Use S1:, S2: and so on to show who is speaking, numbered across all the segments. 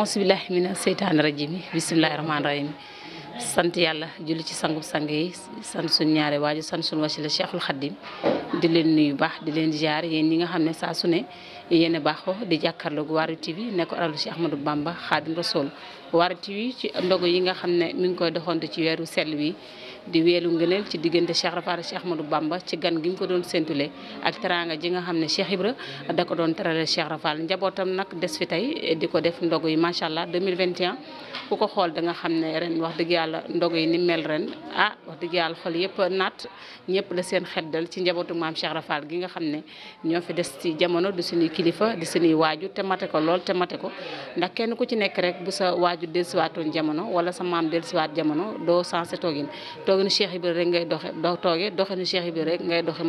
S1: auzu billahi mina seytaani rajim yi bisimilahi rahmaani rahim sant yàlla julli ci sangub sang yi sant suñ ñaare waaju sant suñ wasila cheikhul xaddim di leen nuyu baax di leen jaar yéen ñi nga xam ne saa su ne yéen a baaxoo di jàkkaarloog Waarwi TV nekk aralu Cheikh Ahmadou Bamba Xaadim Rasool Waarwi TV ci ndogu yi nga xam ne mi ngi koy doxante ci weeru sell wi di weelu ngëneel ci diggante Cheikh Rafaal Cheikh Ahmadou Bamba ci gan gi ñu ko doon séntule ak teranga ji nga xam ne Cheikh Ibra da ko doon terale Cheikh Rafaal njabootam nag des fi tey di ko def ndogu yi macha allah 2021 ku ko xool da xam ne ren wax dëgg yàlla ndogu yi ni mel ren ah dëgg yàlla xol yëpp naat ñëpp la seen xel ci njabootu maam gi nga xam ne ñoo fi des ci jamono di suñuy kilifa di suñuy waaju te mate ko lool te mate ko ndax kenn ku ci nekk rek bu sa waajur dellusiwaatoon jamono wala sa maam siwaat jamono doo sensé toogin tooginu Cheikh Ibra rek ngay doxe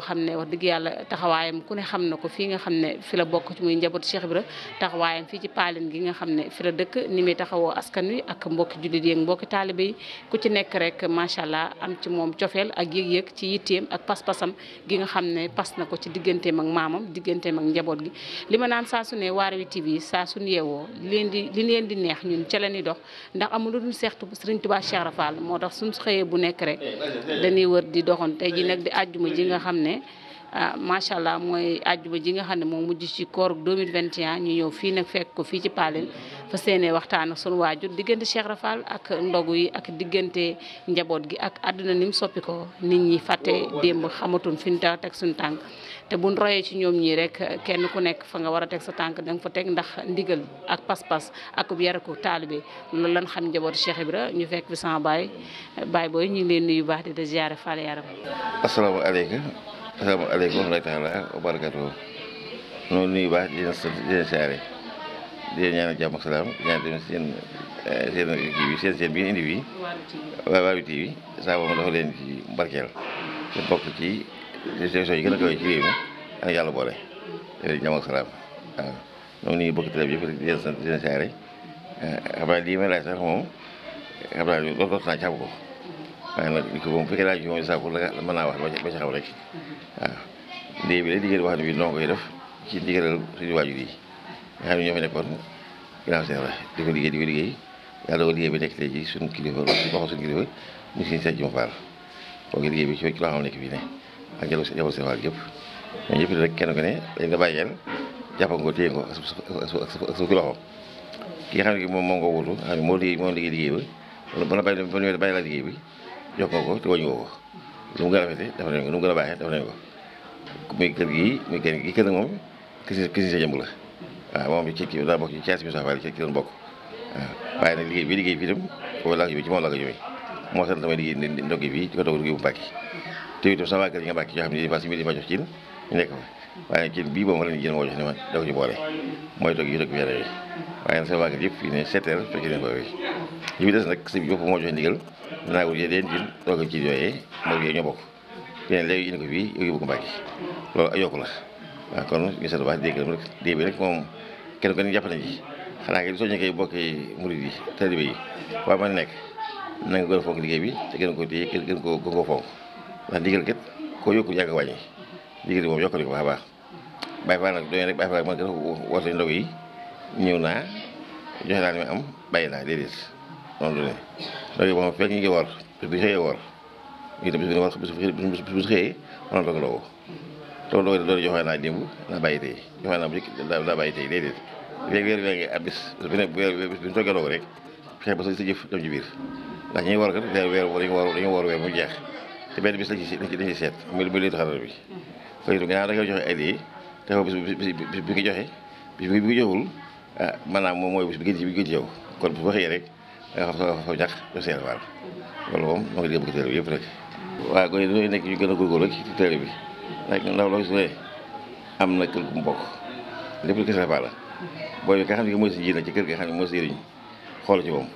S1: xam ne wax dëgg yàlla taxawaayam ku ne xam na ko fii nga xam ne fi la bokk ci muy njaboot Cheikh Ibra taxawaayam fii ci paalin gi nga xam ne fi la dëkk ni muy taxawoo askan wi ak mbokki jullit yi ak mbokki taalibe yi ku ci nekk rek macha allah am ci moom cofeel ak yëg-yëg ci yitteem ak pas-pasam gi nga xam ne pas na ko ci digganteem ak maamam digganteem ak njaboot gi li ma naan saa su ne Waarwi saa su yeewoo leen di li leen di neex ñun ca la ñuy dox ndax amul lu dul seextu sëriñ Tuubaa Cheikh moo tax suñ xëyee bu nekk rek dañuy wër di doxoon tey ji nag di àjjuma ji nga xam ne ah macha allah mooy àjjuma ji nga xam ne moo mujj ci koor 2021 ñu ñëw fii nag fekk ko fii ci Palel fa seenee waxtaan ak sunu waajur diggante Cheikh Rafal ak ndogu yi ak diggante njaboot gi ak àdduna ni mu soppi nit ñi fàtte démb xamatuñ fi ñu teg suñu tànk te buñ royee ci ñoom ñii rek kenn ku nekk fa nga war a teg sa tànk danga fa teg ndax ndigal ak pas-pas ak yar ko taalibe loolu lan xam njaboot bi Ibra ñu fekk bi sama baay booy ñu ngi leen baax di de ziare Fall yaram.
S2: asalaamaaleykum asalaamaaleykum wa rahmatulah wa barakatuh noonu nuyu baax di di leen ñaanal jàmm ak salaam ñaan tamit seen eh, seen kii bi seen seen bi ngeen indi fii. TV saa boobu dafa leen ci barkeel. te bokk ci ci yàlla boole. di leen jàmm ngi bokk télé bi yëpp lii may laaj sax moom xam naa loolu doot naa ci xam ko. waaye nag li ko moom bu la mën naa wax ba ci xam rek waaw. léegi bi la digal wax ne bi noonu ci ndigalal suñu nga xam ne ñoo fi nekkoon ginnaaw seen wax di ko liggéey di ko liggéey yàlla dogal liggéey bi nekk tey jii suñu kilifa loxo suñu kilifa mu siñ seet bi ci ci loo xam nekk fii ne ak jalo jabal seen faal yëpp ñoo ñëpp rek kenn ku sa ki moom moom nga wutu nga xam ba ba la ba ñëwee bàyyi la liggéey bi jox a rafetee a baaxee def nañ ko muy la waaw moom ci kii daa bokk ci 15 000 faal ci ki doon bokk waaw waaye nag liggéey bi liggéey bi itam foofu laa ko yóbbu ci moom laa ko yóbbu toog liggéey bu Mbàkke te itam sama kër yi nga Mbàkke yoo xam ne fas mi ma jox ci ñu nekk bii moom ma leen jël moo jox ne ma da mooy toog yi toog weer yi waaye nag sama kër yëpp fii ne sept fekk leen ko fi li moo joxe ndigal danaa wut yeneen cin toog ci yooyee moom yooyu ñoo bokk yeneen léegi indi ko fii yóbbu ko Mbàkke loolu ay yokku la waa kon gis na baax dégg la rek moom kenn ko ni jàpp nañ ci xanaa kay soo ñëkkee bokki murid yi taalibe yi waaye man nekk na nga gën a fonk liggéey bi te gën ko téye gën ko gën ko fonk ndax ndigal kat koo yokkul yàgg wàññi ndigal moom yokkal ko baax a baax bàyyi fa nag doy rek bàyyi fa nag gën a woote yi ñëw naa joxe naa li naa déedéet noonu du ne ndaw yi fekk ñu ngi war bu ñu xëyee war bu ñu xëyee mënoon doog loo loolu loolu loolu joxoon naa démb la bàyyi tey joxoon naa bu njëkk la bàyyi tey déedéet léegi weer weer ngay abbis bu ne bu ñu toggaloo rek fexe ba sa sa jëf dem ci biir ndax ñuy war kat weer weer dañu war dañu war weer mu jeex te benn bis lañ ci lañ ci seet muy muy léegi xaral bi fay du gannaaw da nga joxe ay te bis bis bi nga joxe bis bi nga joxul ah maanaam moom mooy bis bi gën ci bi gën ci yow kon bu waxee rek da nga xam sa ñax def seen wàll loolu moom moo ngi dégg bëgg teel bi yëpp rek waaw kon nekk ñu gën a góorgóorlu ci teel bi ndax ndaw loo gis am na kër gu mu bokk lépp lu ko xam ne mooy si ci kër gi xam ne mooy si yëriñ xool ci moom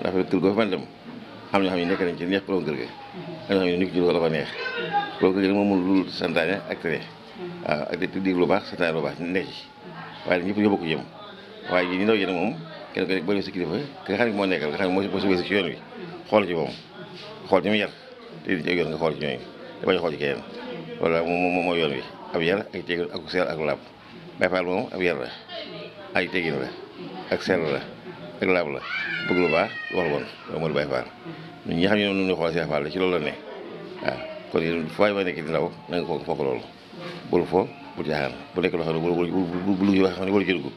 S2: ndax kër goo fa mën dem am ñoo xam ne nañ ci neex borom kër ga am ñoo xam ne loolu la fa neex borom kër moom ak tere waaw ah, ak di dig lu baax santaane lu baax nekk ci waaye ñëpp ñoo bokk jëm waaye ñi ndaw moom kenn ku nekk booy ki nga xam ne moo nekkal nga xam ne moo moo si xool ci moom xool ñu mu yar te di ci nga xool ci ñooñu te bañ a ci keneen wala moom mooy yoon wi ab yar ak teggin ak ak laab Baay Faal moom ab yar la ay teggin la ak seel la ak laab la bëgg lu baax wax woon loolu moo bay Baay Faal ñun ñi xam ne noonu ñu xool Seex Faal la ci loolu la ne waaw kon yéen fay ma nekk di ndaw na nga foog foog loolu bul foo bu jaaxaan bu nekk loo xam ne bu bu bu lu wax xam ne waru ci dugg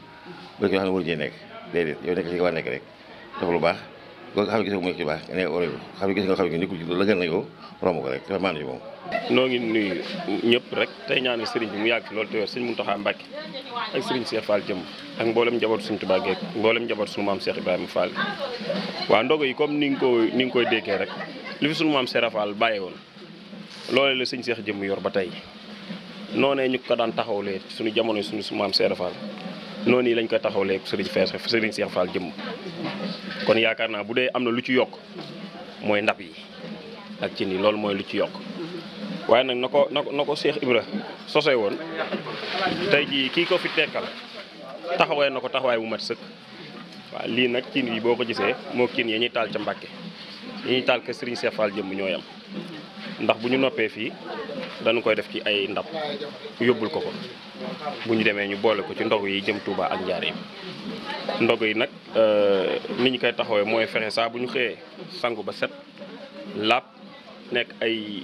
S2: bu nekk nekk déedéet yow nekk ci war nekk rek lu baax loolu nga xam ne gis nga mooy xibaar ne oreille xam ne gis nga xam ne a yow romb ko yi moom noo ñëpp rek tey ñaanal sëriñ bi mu yàgg loolu te wér sëriñ Mountakha Mbacké
S3: ak sëriñ Cheikh
S4: Fall jëm ak mboolem njaboot suñu Touba geek mboolem njaboot suñu maam Cheikh Ibrahima Fall waaw ndogo yi comme ni ko ni nga koy déggee rek li fi suñu maam Cheikh Fall bàyyi woon loolee la sëñ Cheikh jëm yor ba tey noonee ñu ko daan taxawlee suñu jamono suñu maam Cheikh Fall noonu yi lañ koy taxawlee sëriñ fees sëriñ Cheikh Fall jëmm kon yaakaar naa bu dee am na lu ci yokk mooy ndab yi ak ci ni loolu mooy lu ci yokk waaye nag na ko na ko na ko Cheikh Ibra sose woon tey jii kii ko fi tekkal taxawee na ko taxawaay bu mat sëkk waaw lii nag cin yi boo ko jisee moo cin yi ñuy taal ca Mbàkke yi ñuy taal ka sëriñ Cheikh Fall jëmm ñooy ndax bu ñu noppee fii dañu koy def ci ay ndab yóbbul ko ko bu ñu demee ñu boole ko ci ndog yi jëm Touba ak Njaaréem ndog yi nag euh, ni ñu koy taxawee mooy fexe saa bu ñu xëyee sangu ba set laab nekk ay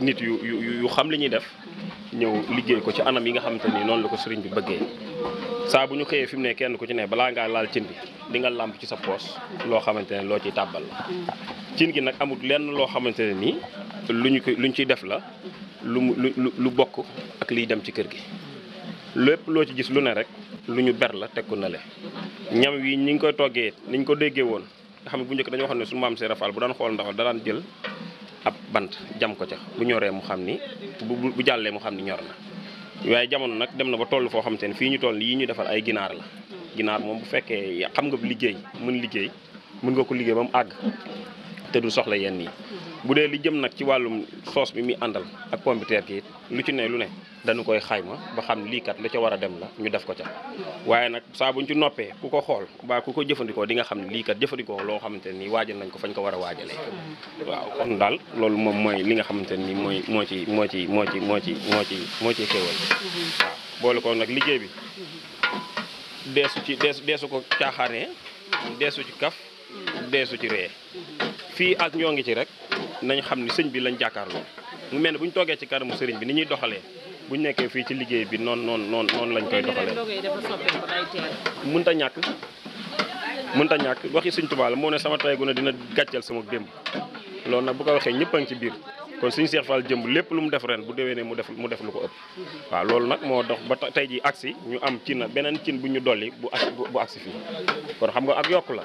S4: nit yu yu xam li ñuy def ñëw liggéey ko ci anam yi nga xamante ni noonu la ko sëriñ bi bëggee saa bu ñu xëyee fi mu ne kenn ku ci ne balaa ngaa laal cin bi di nga làmp ci sa poos loo xamante ne loo ciy tàbbal la cin gi nag amul lenn loo xamante ne nii lu ñu ko lu ciy def la lu mu lu lu bokk ak liy dem ci kër gi lépp loo ci gis lu ne rek lu ñu ber la tekku na le ñam wi ñi ngi koy toggee ni ñu ko déggee woon nga xam ne bu njëkk dañoo xam ne suñu maam Seera Fall bu daan xool ndaxal da daan jël ab bant jam ko ca bu ñoree mu xam ni bu bu jàllee mu xam ni ñor na waaye jamono nag dem na ba toll foo xam te ne fii ñu toll yii ñu defal ay ginaar la ginaar moom bu fekkee xam nga bu liggéey mën liggéey mën nga ko liggéey ba mu àgg te du soxla yenn yi bu dee li jëm nag ci wàllum soos bi muy àndal ak pompiteer gi lu ci ne lu ne dañu koy xayma ba xam lii kat la ca war a dem la ñu def ko ca waaye nag saa buñ ci noppee ku ko xool ba ko jëfandikoo di nga xam ne lii kat jëfandikoo loo xamante ne nii waajal nañ ko fañ ko war a waajalee waaw kon daal loolu moom mooy li nga xamante ne nii mooy moo ci moo ci moo ci moo ci moo ci moo ci xéewal waaw boole ko nag liggéey bi deesu ci deesu deesu ko caaxaanee deesu ci kaf deesu ci ree fii ak ñoo ngi ci rek nañ xam ni sëñ bi lañ jàkkaarloo mu mel ne bu ñu toogee ci kanamu sëriñ bi ni ñuy doxalee bu ñu nekkee fii ci liggéey bi noonu noonu noonu noonu lañ koy doxalee mënta ñàkk mënta ñàkk waxi sëñ Tuubaa la ne sama tey gu ne dina gàcceel sama démb loolu nag bu ko waxee ñëpp a ngi ci biir kon suñu Cheikh Fall jëmb lépp lu mu def ren bu déwénee mu def mu def lu ko ëpp waaw loolu nag moo dox ba tey ji agsi ñu am cin beneen cin bu ñu dolli bu agsi bu agsi fii kon xam nga ak yokk la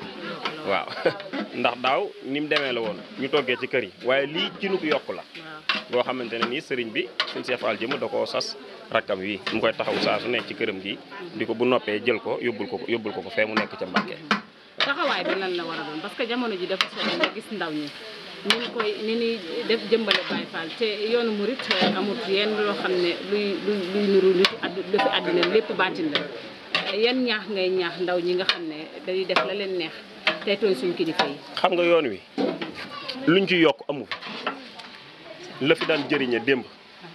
S4: waaw ndax daaw ni mu demee la woon ñu toggee ci kër yi waaye lii cinu ko yokk la boo xamante ne nii sëriñ bi suñ Cheikh Fall jëmb da koo sas rakkam wi mu koy taxaw saa su nekk ci këram gi di ko bu noppee jël ko yóbbul ko yóbbul ko ko fee mu nekk ca Mbàkke
S1: taxawaay bi lan la war ni ni def jëmbale Baye Fall te yoonu murit eh, yenn loo xam ne luy luy luy lu fi àddina lépp baatin la eh, yan ñaax ngay ñaax ndaw ñi nga xam ne dañuy def la leen neex tey suñ
S4: xam nga yoon wi luñ ci yokk amul la fi daan jëriñe démb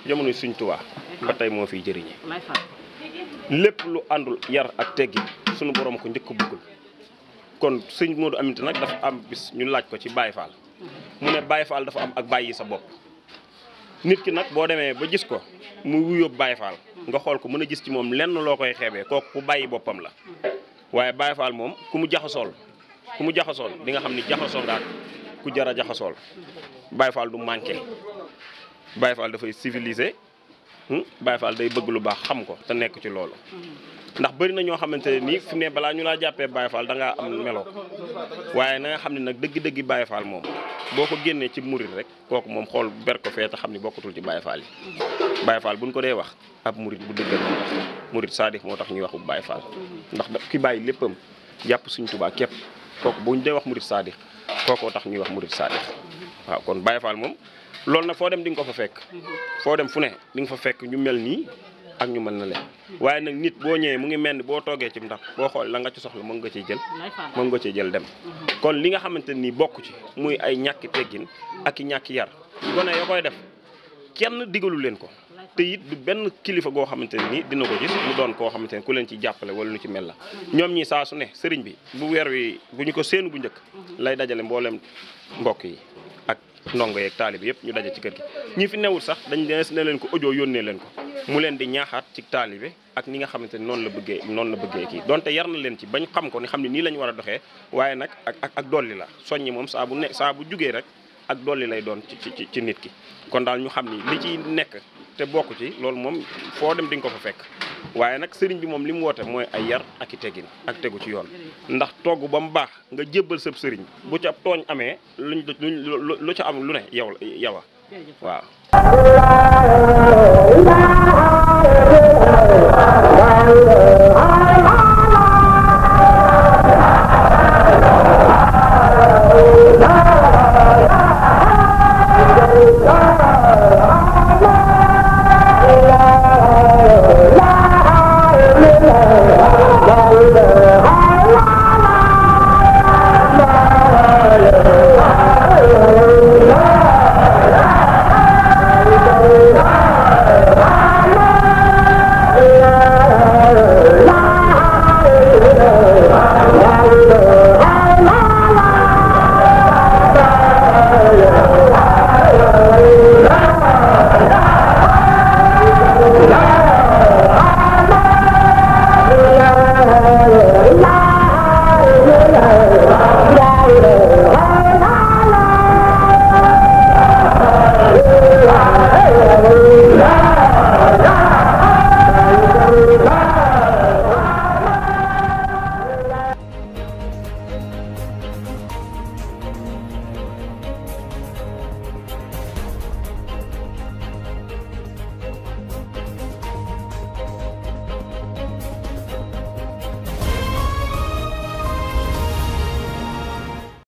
S4: jamono suñ tubaa ba tey moo fiy jëriñe lépp lu àndul yar ak teggi sunu borom ko njëkk buggul kon sëñ Modou Aminta nag dafa am bis ñu laaj ko ci Baye Fall. mu ne Baye Fall dafa am ak bàyyi sa bopp nit ki nag boo demee ba gis ko mu wuyób Baye Fall nga xool ko mun a gis ci moom lenn loo koy xeebee kooku ku bàyyi boppam la waaye Baye moom ku mu jaxasool ku mu jaxasool di nga xam ni jaxasool daal ku jar a jaxasool Baye Fall du manqué Baye Fall dafay civilisé hmm? Baye day bëgg lu baax xam ko te nekk ci loolu ndax bari na ñoo xamante ne nii fu ne balaa ñu laa jàppee Baye Fall da ngaa am melo waaye na xam ne nag dëgg-dëgg Baye Fall moom boo ko génnee ci murit rek kooku moom xool ber ko fee te xam ne bokkatul ci Baye Fall yi Baye Fall buñ ko dee wax ab murit bu dëggal moo moo tax ñuy waxu Baye Fall ndax ki bàyyi léppam jàpp suñ tubaa képp kooku buñ dee wax murit saadix kookoo tax ñuy wax murit saadix waaw kon Baye Fall moom loolu nag foo dem di nga ko fa fekk foo dem fu ne di nga fa fekk ñu mel nii ak ñu mën na leen waaye nag nit boo ñëwee mu ngi mel ni boo toogee ci ndax boo xool la nga ci soxla mën nga cee jël mën nga cee jël dem mhm. kon li nga xamante nii bokk ci muy ay ñàkki teggin ak i ñàkki yar gone yoo koy def kenn digalu leen ko te yit du benn kilifa goo xamante ne nii dina ko gis mu doon koo xamante ne ku leen ci jàppale wala lu ci mel la mhm. ñoom ñi saa su ne sëriñ bi bu weer wi bu ñu ko séenu bu njëkk mhm. lay dajale mboolem mbokk yi ndongo yeeg taalibe yëpp ñu daje ci kër gi ñi fi newul sax dañ dees ne leen ko audio yónnee leen ko mu leen di ñaaxaat ci taalibe ak ni nga xamante ne noonu la bëggee noonu la bëggee kii donte yar na leen ci bañ xam ko ni xam ne nii lañu war a doxee waaye nag ak ak dolli la soññi moom saa bu ne saa bu jógee rek ak dolli lay doon ci ci ci nit ki kon daal ñu xam ni li ci nekk te bokk ci loolu moom foo dem di nga ko fa fekk waaye nag sëriñ bi moom li mu woote mooy ay yar ak i teggin ak tegu ci yoon ndax togg ba mu baax nga jébbal sëb sëriñ bu ca tooñ amee lu luñ lu ca am lu ne yow la yow a waaw